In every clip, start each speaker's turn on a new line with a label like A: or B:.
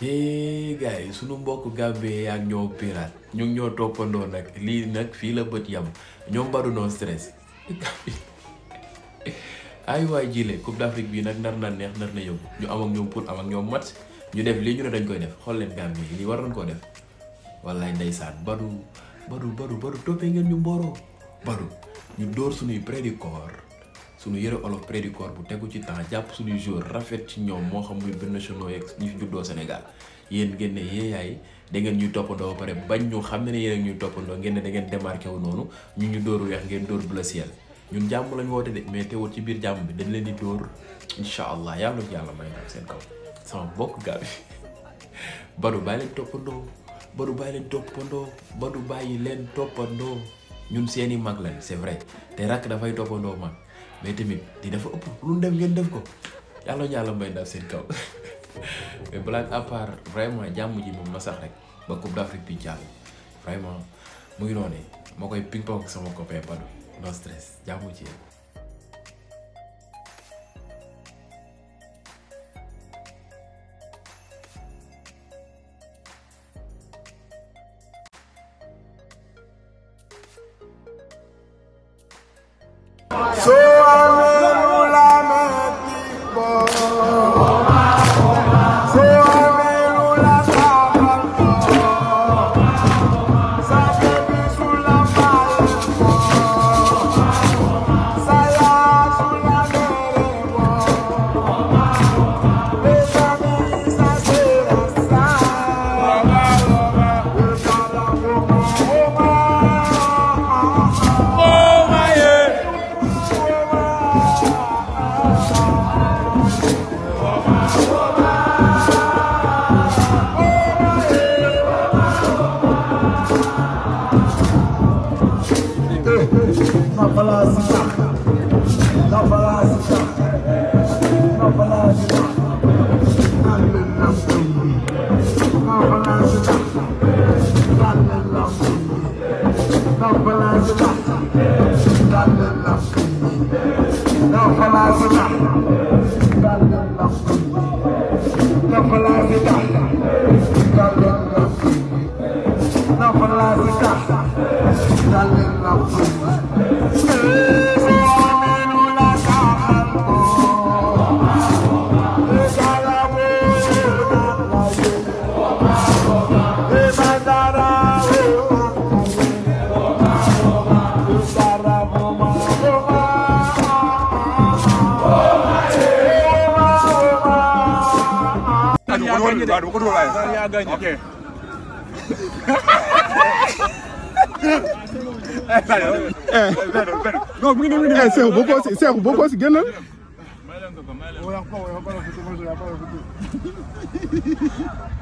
A: yee gars yi sunu mbokk gàmbee yaa ñoo pirate ñu ñoo toppandoo nag lii nag fii la bët yam ñoom Badou no stress ay waay jile Coupe d'Afrique bii nag nar na neex nar na yóbbu ñu am ak ñoom pour am ak ñoom match ñu def lii ñu ne dañ koy def xool leen gàmbee lii war nañ koo def wallaay ndeysaan Badou Badou Badou Badou toppee ngeen ñu mbooroo Badou ñu dóor suñuy près du corps suñu yëre olof près du corps bu tegu ci temps jàpp suñu jour rafet ci ñoom moo xam muy benn nationaux yeeg ñi fi juddoo Sénégal yéen ngeen ne yeeyaay da ngeen ñuy toppandoo ba pare bañ ñu xam ne ne yéen ñuy toppandoo ngeen ne da ngeen démarqué wu noonu ñu ñu dóor weex ngeen dóor bleu ciel ñun jàmm lañ woote de mais teewul ci biir jàmm bi dañ leen di dóor incha allah yàlla na yàlla may ndam seen kaw sama bokk gaa ba Badou bàyyi leen toppandoo Badou bàyyi leen toppandoo Badou bàyyi ñun seeni mag lañ c'est vrai te rakk dafay toppandoo mag mais tamit di dafa ëpp lu def ngeen def ko yàlla yàlla may daal seen kaw mais blague à part vraiment jàmm ji moom ma sax rek ba Coupe d'Afrique bi jàll vraiment mu ngi noonu moo koy ping pong sama copain Badou no stress jàmm ji Thank you. du ko dugal ah, waaye. ok. non mu ngi eh, noonu. Seex boo ko si Seex boo ko si génnal.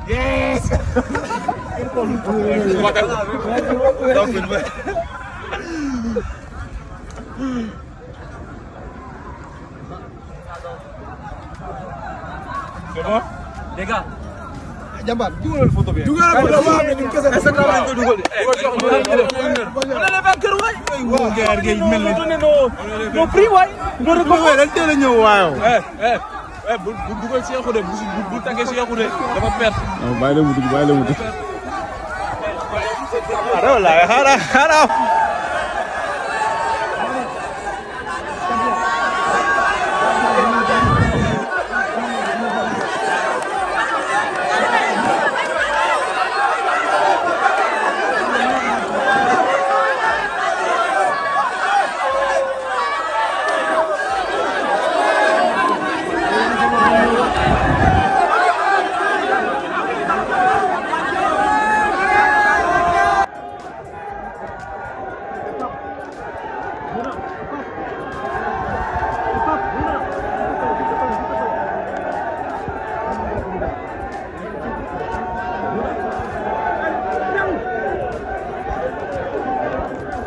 A: yes. C'est bon Les gars, jàmbaar dugalal photo bi dugalal photo bi est-ce que dañ ko dugal on est vers kër waay waaw gerte gi mel ni no prix waay do rek ko waay dañ a bu dugal Cheikhou de bu tàggee Cheikhou de dafa perte bàyyi la mu dugg bàyyi la mu dugg xaaral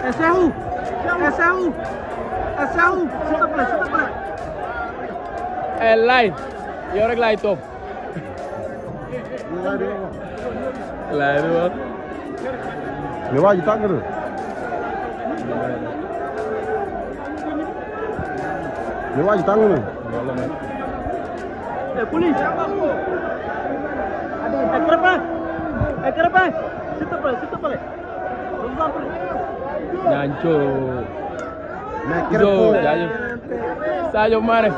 A: Ese es U. Ese es U. Ese es U. Sútapele, sútapele. El light. Y ahora el light top. Light up. Leva tangır. Leva tangır. Eh polis. Adik, ekrapa. Ekrapa. Situ pale, situ pale. ñanco jo jaajëf Sadio Mané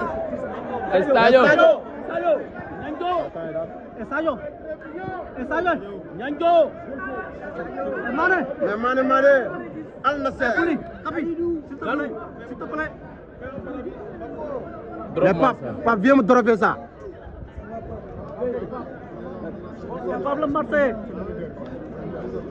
A: Sadio Sadio Sadio ñanco Mané Mané Mané Al Nassr s'il te plaît mais Pape Pape viens me dropper ça Pape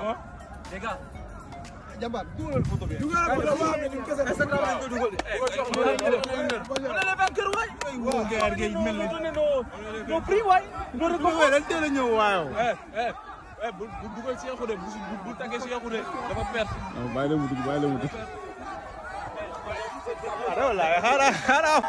A: ah. les gars. jàmbaar dugalal photo bi. dugalal photo bi waaw mais ñu kese. Instagram lañ ni. non prix waay. a ñëw waaw. bu bu dugal Cheikhou de bu bu tàggee Cheikhou de dafa la mu dugg bàyyi la mu la xaaral xaaral.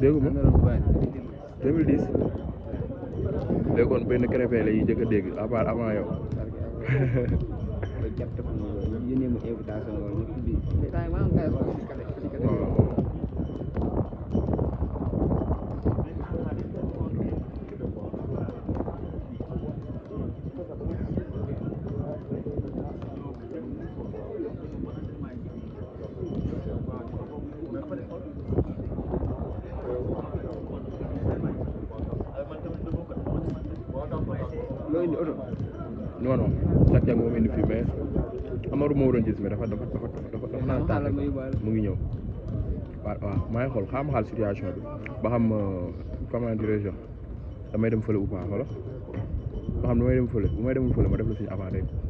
A: dégguma 2010 léegi kon benn crépin la ñuy jëkk a dégg à part avant yow. waaw doo indi oto non moom indi fii mais Amadou moo waroon gis mais dafa dafa dafa dafa dafa naan tànn mu ngi ñëw waaw maa ngi xool xam xaal situation bi ba xam euh, comment dirais damay dem fële ou pas wala ba xam damay dem fële bu may demul fële ma def la suñu avant